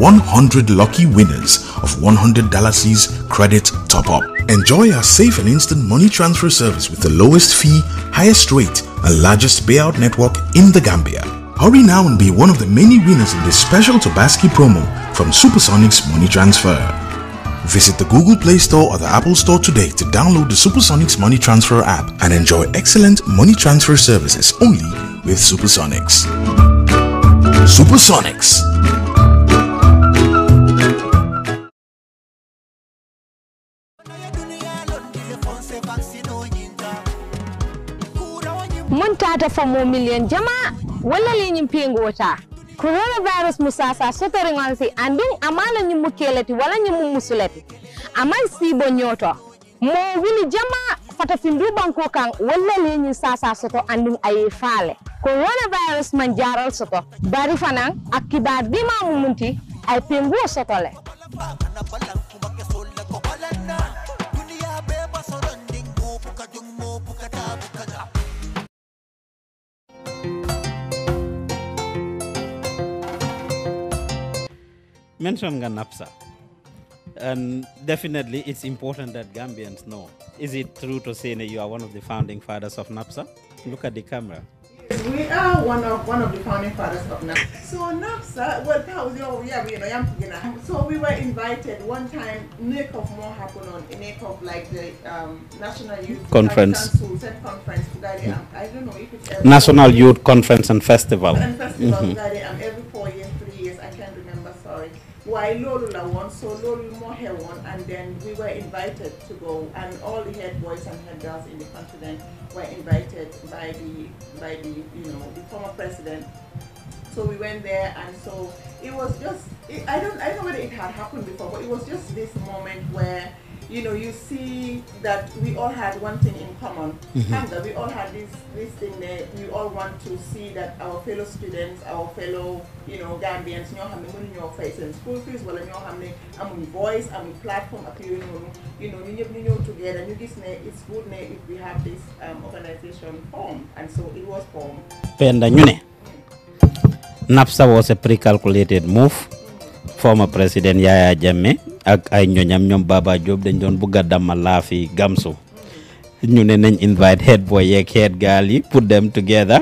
100 lucky winners of $100 Dalasi's credit top up. Enjoy our safe and instant money transfer service with the lowest fee, highest rate, and largest payout network in the Gambia. Hurry now and be one of the many winners in this special Tobaski promo from Supersonics Money Transfer. Visit the Google Play Store or the Apple Store today to download the Supersonics Money Transfer app and enjoy excellent money transfer services only with Supersonics. Supersonics tata famomilian jama wala leñin pengota coronavirus musasa sotoringonsi andin amala ñi mukkelati wala ñi mu musulati amay sibo ñoto mo wili jama fata findu banko kan wala leñin sasa soto andin ay faale coronavirus man jaral soto bari fanan ak kibar bi ma mumunti ay pengo soto le Mention GANAPSA. And definitely it's important that Gambians know. Is it true to say that you are one of the founding fathers of NAPSA? Look at the camera. We are one of one of the founding fathers of NAPSA. So NAPSA, well, that was your yeah, we know, So we were invited one time. make of more happened on make of like the um, National Youth Conference, Conference. I don't know if it's National Youth Conference and Festival. And Festival mm -hmm. every four years why Lorula won, so Lorul Mohe won, and then we were invited to go, and all the head boys and head girls in the continent were invited by the, by the, you know, the former president. So we went there, and so it was just, it, I don't, I don't know whether it had happened before, but it was just this moment where you know, you see that we all had one thing in common. mm -hmm. we all had this, this thing that we all want to see that our fellow students, our fellow, you know, Gambians, ñoo have ne mënuñu ñoo fay seen school fees wala ñoo I'm amuñ voice amuñ platform ak yooyu noonu you know you know, ñu ñëw together you know, it's good if we have this um, organisation formed and so it was formed. Penda NAPSA was a pre-calculated move. former président Yaya Jammeh ak ay ñoñam ñoom Baba Diop dañ doon bugg a damma fi gamsu ñu ne nañ invite head boy yeeg head gaal yi pour dem together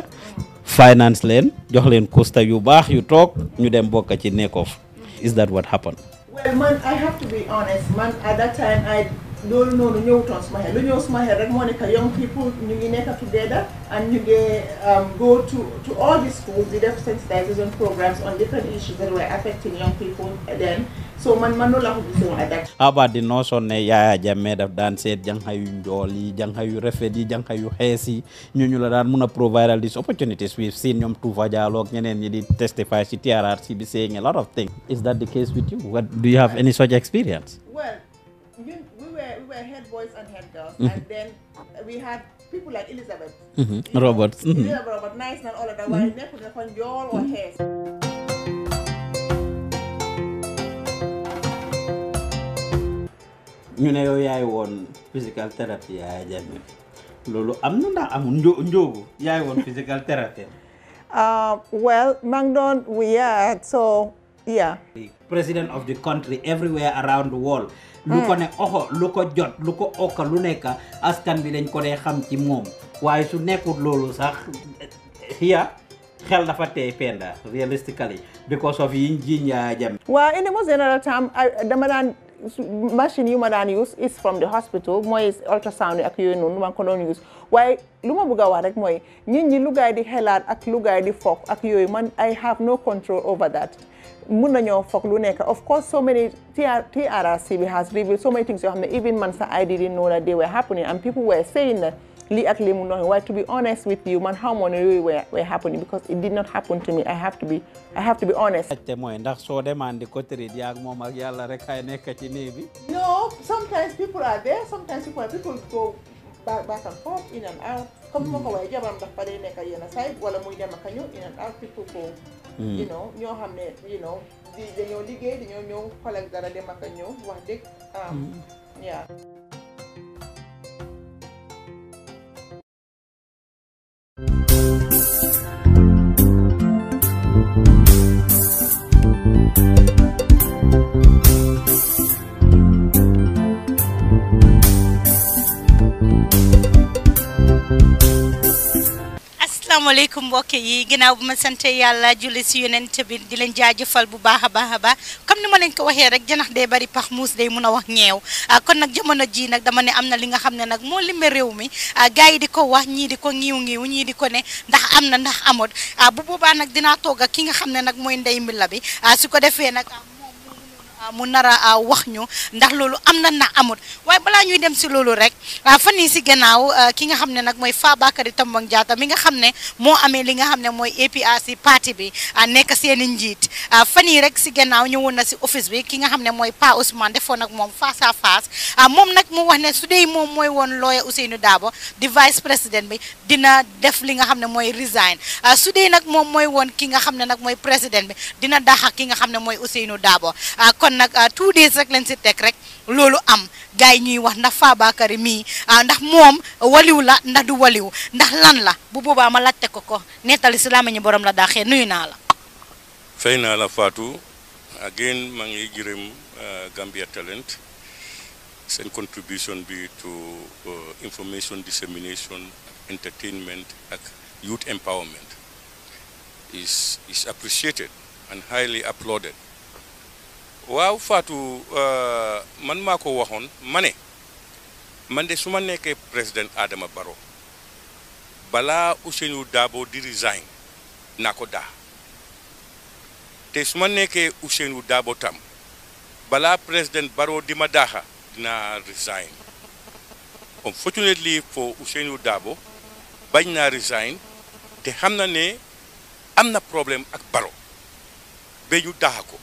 finance leen jox leen kusta yu baax yu toog ñu dem bokk ci nekkof is that what happened loolu noonu ñëwutoon suma xel lu ñëw suma young people ñu ngi together and ñu um, go to all the schools di def sensitization programs on different issues that were affecting young people then so man man loolu la ko how about the notion ne Yaya Jammeh daf daan seet janxa yu njool yi janxa yu rafet yi janxa yu xees yi ñu ñu la daan mun a provide all these opportunities we've seen ñoom Touva Diallo ak ñeneen ñi di testify ci TRRC bi saying were head boys and head girls, mm -hmm. and then we had people like Elizabeth, mm -hmm. you know, Roberts, mm -hmm. Robert, nice and all of that. While Nepal, Nepal, all or hairs. ñu ne yow yaay woon physical therapy yaay jame loolu am na ndax amul njó njóobu yaay woon physical therapy. Uh, well maa ngi doon yeah so yeah the president of the country everywhere around the world lu mm. ko ne oxo lu ko jot lu ko okka lu nekk askan bi dañ ko dee xam ci moom waaye su nekkul loolu sax here xel dafa tey penda realistically because of yiñ jiiñ yaa jam waaw in the most general term dama daan machine yu daan use is from the hospital mooy ultrasound ak yooyu noonu maa ngi ko doon use waaye lu ma bëgg a rek nit ñi lu gaay di xelaat ak lu gaay di ak man I have no control over that Muna nañoo foog lu nekk of course so many TRRC bi has revealed so many things You have even man sa I didn't know that they were happening and people were saying that lii ak lii mu noonu waaye to be honest with you man xaw ma ne yooyu were were happening because it did not happen to me I have to be I have to be honest. te mooy ndax soo demandi ko tërit yaa ak moom ak yàlla rek kay nekk ci nii bi. no sometimes people are there sometimes people are people go back back and forth in and out comme ma ko waxee jabaram dafa day nekk yenn saa wala muy dem ak a ñëw in and out people go. Hmm. you know ñoo xam ne you know dañoo liggéey dañoo ñëw collect dara dem ak a ñëw wax dëgg. Um, hmm. yeah. asalaamaaleykum mbokk yi ginnaaw bu ma sante yàlla julli si yonent bi di leen jaajëfal bu baax a baax a baax comme ni ma leen ko waxee rek janax dee bari pax muus day mun a wax ñeew ah, kon nag jamono ji nag dama ne am na li nga xam ne nag moo lime réew mi ah, gars yi di ko wax ñii di ko ñiiw ñiiw ñii di ko ne ndax am na ndax amut ah, bu boobaa nag dinaa toog ak ki nga xam ne nag mooy ndey mbila bi su ko defee nag mu nar a ah, wax ñu ndax loolu am na na amut waaye balaa ñuy dem si loolu rek ah, fan yii si gannaaw ah, ki nga xam ne nag mooy Fabakary Tombong Jatta mi nga xam ne moo amee li nga xam ne mooy APRC parti bi nekk seen i njiit fan yii si gannaaw ñëwoon na si office bi ki nga xam ne mooy Pa Ousmane defoon ak moom face à face moom nag mu wax ne su dee moom mooy woon lawyer Ousainou Darboe di vice président bi dina def li nga xam ne mooy resign su dee nag moom mooy woon ki nga xam ne nag mooy président bi dina daxa ki nga xam ne mooy Ousainou Darboe kon a ah, two days rek leen ci tek rek lolu am gay ñuy wax ndax Fabakary mi ah, ndax mom waliw la ndax du waliw ndax lan la bu boba ma laajte ko ko nettali islam laamañu borom la daxé nuyu na la. feyna la Fatou again ma ngi gërëm ah, Gambia Talent sen contribution bi to uh, information dissemination entertainment ak youth empowerment is is appreciated and highly applauded. waaw Fatou euh, man maa ko waxoon ma ne man de su ma nekkee président Adama baro balaa Ousseynou Dabo di resign naa ko daa te su ma nekkee Ousseynou Dabo tam balaa président Barrow di ma daaxa dinaa resign unfortunately for Ousseynou Dabo bañ naa resign te xam na ne am na problème ak Barrow ba ñu daaxa ko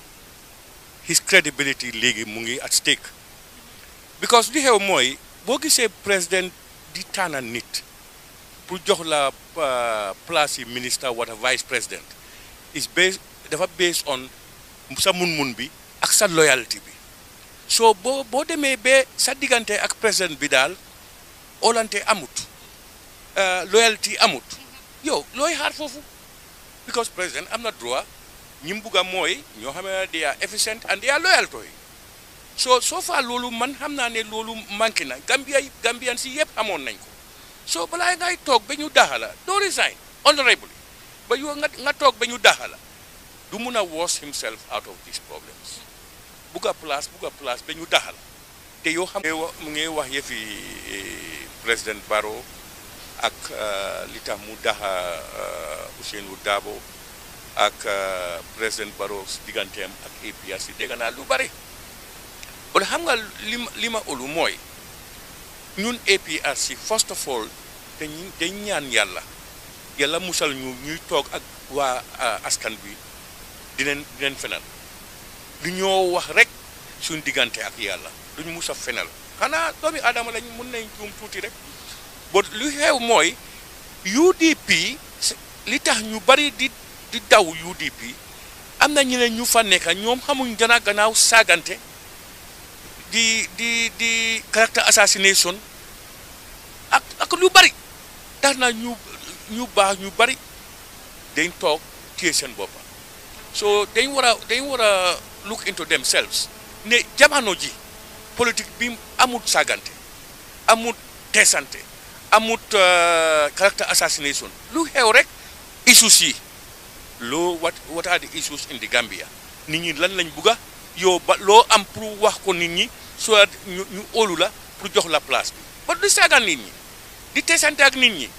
his credibility léegi mu ngi at stake because li xew mooy boo gisee président di tànna nit pour jox la euh, place yi ministre wala vice président is based dafa based on sa mun-mun bi ak sa loyalty bi soo boo boo demee ba sa diggante ak président bi daal olante amut euh, loyalty amut yow looy xaar foofu because président am na droit ñi mu bugg a mooy ñoo xam ne they are efficient and they are loyal to it so far loolu man xam naa ne loolu manqué na Gambia Gambian si yëpp amoon nañ ko so balaa ngay toog ba ñu daaxa la doo resign honorably ba yoo nga nga toog ba ñu daaxa du mun a wash himself out of these problems bugg a place bugg a place ba ñu daaxa la te yoo xam mu ngi wax yëfi eh, président Barrow ak eh, li tax mu daxa eh, Ousainou daabo ak eh, president baro digantem ak APRC degana lu bari wala xam nga lima lima moy ñun APRC first of all dañ dañ ñaan yalla yalla musal ñu ñuy tok ak wa eh, askan bi dinañ dinañ fenal lu ño wax rek suñ digante ak yalla duñ musa fenal xana doomi adam lañ mën nañ juum tuuti rek but lu xew moy, UDP li tax ñu bari di di daw UDP am na ñeneen ñu fa nekk ñoom xamuñ gannaaw gannaaw saagante di di di character assassination ak ak lu bari tax na ñu ñu baax ñu bari dañ toog téye seen boppa soo dañ war a dañ war a look into themselves ne jamono ji politique bi amut saagante amut teesante amut euh, character assassination lu xew rek issues yi lo what what are the issues in the Gambia nit ñi lan lañ bëgga yo ba lo am pour wax ko nit ñi so ñu olu la pour jox la place bi ba du sagan nit ñi di tessante ak nit ñi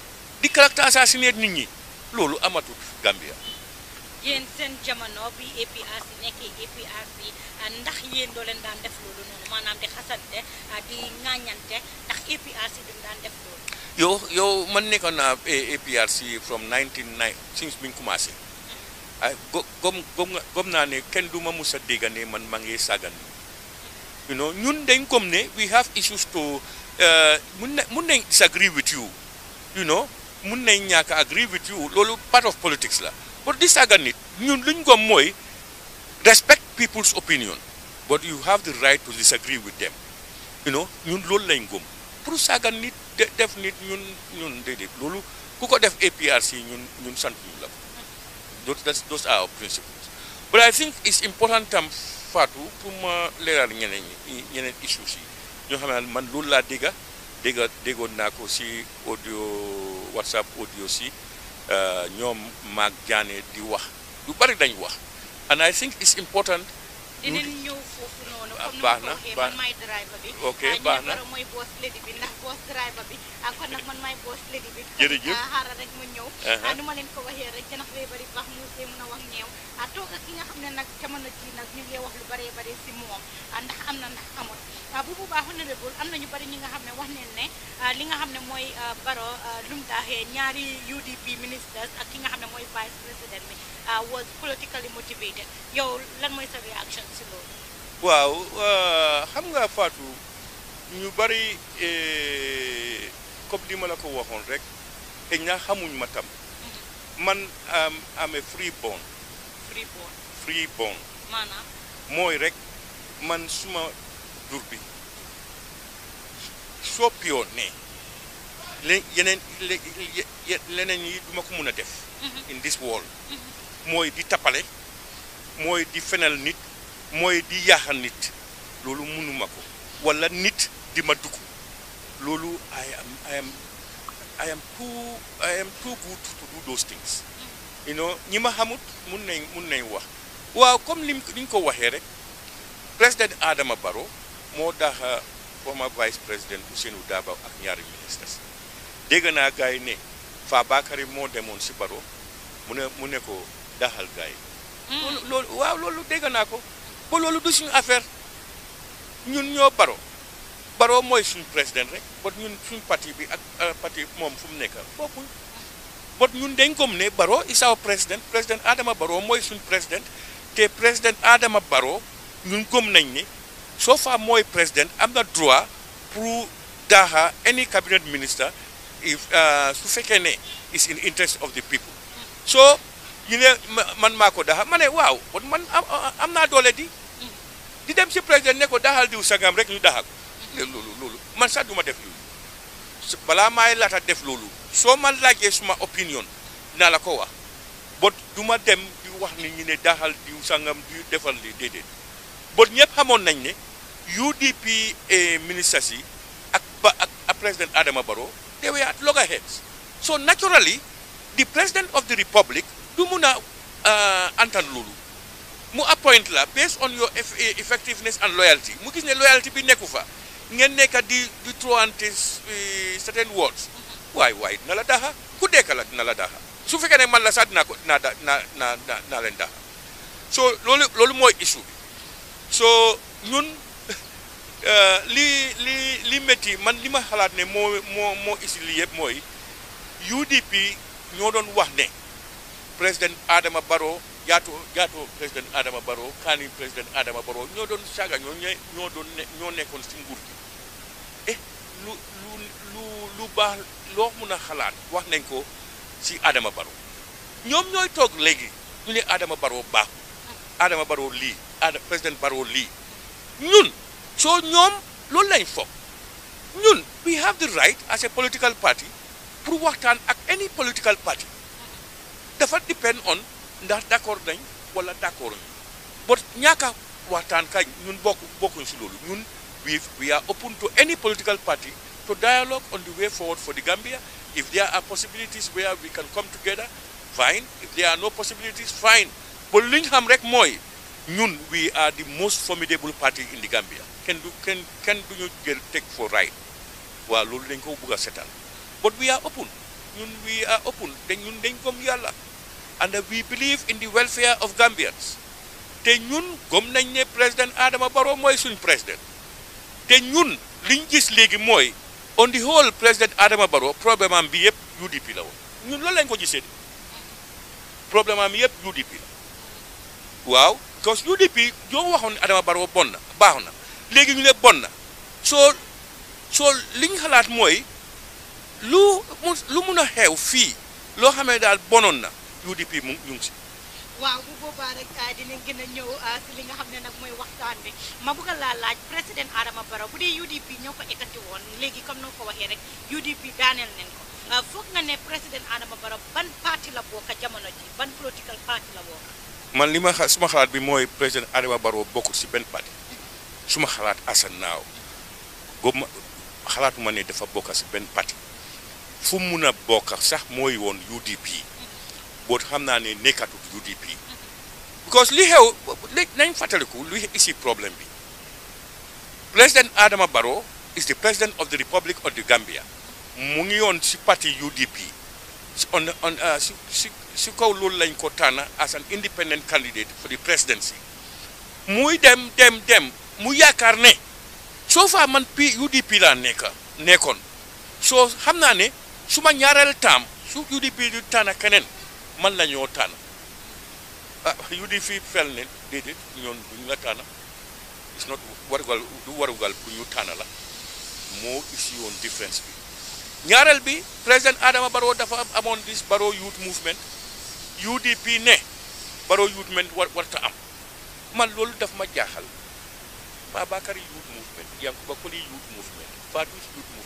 di caractère assassiné nit ñi lolu amatu Gambia yeen sen jamono bi APRC nek APRC ndax yeen do len daan def lolu non manam di xassante di ngañante ndax APRC dum daan def lolu yo yo man nekona APRC from 1990 since bin commencé gom gom gom na ne ken duma musa dega man mangi sagan you know ñun dañ kom ne we have issues to uh, mun nañ disagree with you you know mun nañ ñaaka agree with you lolu part of politics la but this sagan nit ñun luñ gom moy respect people's opinion but you have the right to disagree with them you know ñun lolu lañ gom pour sagan nit def nit ñun ñun dedet lolu ku ko def APRC ñun ñun sant ñu la ko Those, that's, those are our principles. But I think it's important tam um, Fatou pour ma leeral ñeneen ñi ñeneen issues yi ñoo xam man loolu laa dégga dégga déggoon naa ko si audio whatsapp audio si euh, ñoom maag jaane di wax lu bari dañ wax and I think it's important. baax na baax ok baax na jërëjëf ah, uh-huh. ah, nu ma leen ko waxee rek janax bee bari baax muusee mun a wax ñeew a ah, toog ak ki nga xam ne nag jamono ji nag ñu ngi wax lu baree bare si moom ndax am na ndax amul bu bu baax honorable am na ñu bari ñi nga xam ne wax neen ne li nga xam ne mooy baro lu mu daaxee ñaari UDP ministers ak ki nga xam ne mooy vice président bi was politically motivated yow lan mooy sa réaction si waaw euh, xam nga Fatou ñu bari euh, comme li ma la ko waxoon rek te ñaa xamuñ ma tam mm-hmm. man am amee free born free born mooy rek man suma dur bi soppiyoon ne le yeneen leneen yi duma ko mun a def mm-hmm. in this world mm-hmm. mooy di tappale mooy di fenal nit mooy di yaaxal nit loolu mënuma ko wala nit di ma dugg loolu I am I am I am too I am things you know ñi ma xamut mun nañ mun nañ wax waaw comme lim li ko waxee rek président Adama Barrow moo daaxa euh, former vice président Ousseynou Daba ak ñaari ministres dégg naa gars yi ne Fabakary moo demoon si Barrow mu ne mu ne ko daaxal gars yi hmm. loolu loolu waaw dégg naa ko ba loolu du suñu affaire ñun ñoo baro baro mooy suñu président rek bot ñun suñu pati bi ak euh, pati moom fu mu nekk bokkul bot ñun dañ ko ne baro is our président président Adama Baro mooy suñu président te président Adama Baro ñun gëm nañ ni soo fa mooy président am na droit pour daaxa any cabinet minister if euh, su fekkee ne is in interest of the people yi ne man maa ko daxal ma ne waaw man am naa doole di di dem si président ne ko daxal diw sangam rek ñu daxal loolu loolu man sax duma def loolu balaa maay laata def loolu soo ma laajee suma opinion naa la ko wax bot du ma dem di wax ni ñu ne daxal diw sangam di defal li déedéet bot ñëpp xamoon nañ ne UDP ministres si ak ba ak président Adama Barrow they were at loggerheads so naturally di president of the republic du mun a euh, antan loolu mu appoint la based on your eh, effectiveness and loyalty mu gis ne loyalty bi nekku fa ngeen nekka di di troante eh, certain words waay waay na la daxa ku dekka la na la daxa su fekkee ne man la sax dinaa ko da naa naa naa leen daxa so loolu loolu mooy issue bi ñun euh, li li li man li ma xalaat ne moo moo li yëpp mooy UDP ñoo doon wax ne président Adama baro jaatu jaatoo président Adama baro kaani président Adama Barrow ñoo doon saaga ñoo ñooy ñoo doon ne ñoo nekkoon si nguur gi eh, lu lu lu baax loo mun a xalaat wax nañ ko si Adama Barrow ñoom ñooy toog léegi ñu ne Adama Barrow baaxul Adama Barrow lii Adama président Barrow lii ñun soo ñoom loolu lañ foog ñun we have the right as a political party pour waxtaan ak any political party dafa depend on ndax d' accord nañ wala d' accord ñu but ñaaka waxtaan kañ ñun bokk bokkuñ si loolu ñun we we are open to any political party to dialogue on the way forward for the Gambia if there are possibilities where we can come together fine if there are no possibilities fine but li ñu xam rek mooy ñun we are the most formidable party in the Gambia kenn du kenn kenn du ñu jël teg for right waaw loolu dañ ko bëgg a setal But we are open. We are open. And we believe in the welfare of Gambians. te ñun gom nañ ne président Adama Barrow mooy suñ président te ñun liñ gis léegi mooy on the whole président Adama Barrow problème am bi yëpp UDP la woon ñun loolu lañ ko gisee di problème am yëpp UDP la waaw cause UDP joo waxoon ne Adama Barrow bon na baax na léegi ñu ne bon na soo soo liñ xalaat mooy lu mun a xew fii loo xamee daal bonoon na UDP mu ñu ngi si. waaw bu boobaa rek ah, dinañ gën a ñëw ah, li nga xam ne nag mooy waxtaan bi ma bëgg laa laaj président Adama Barrow bu dee UDP ñoo ko ekkati woon léegi comme noo ko waxee rek UDP daaneel nañ ko ah, foog nga ne président Adama Barrow ban parti la bokk jamono ji ban political parti la bokk. man li ma xa suma xalaat bi mooy président Adama Barrow bokkul si benn parti suma xalaat asan naaw góob ma xalaatuma ne dafa bokk si benn fu muna a bokk sax moy won udp boot xamna ni nekatu udp because li xew nañ fàttaliku li isi problème bi President adama baro is the president of the republic of the gambia mu ngi yon ci parti udp on, on, uh, si, si, si kaw lañ ko tànn as an independent candidate for the presidency muy dem dem dem mu yaakaar ne soo man pi udp la nekk nekon, so xamna ne su ma ñaareel taam su UDP di tànn keneen man la ñoo tànn ah UDP fel ne déedéet ñoon duñ la tànn it's not warugal du warugal bu ñu tànn la moo isi yoon différence bi ñaareel bi président Adama Barrow dafa am amoon dis Barrow youth movement UDP ne Barrow youth movement war warta am man loolu daf ma jaaxal Babakari youth movement Yankuba Koli youth movement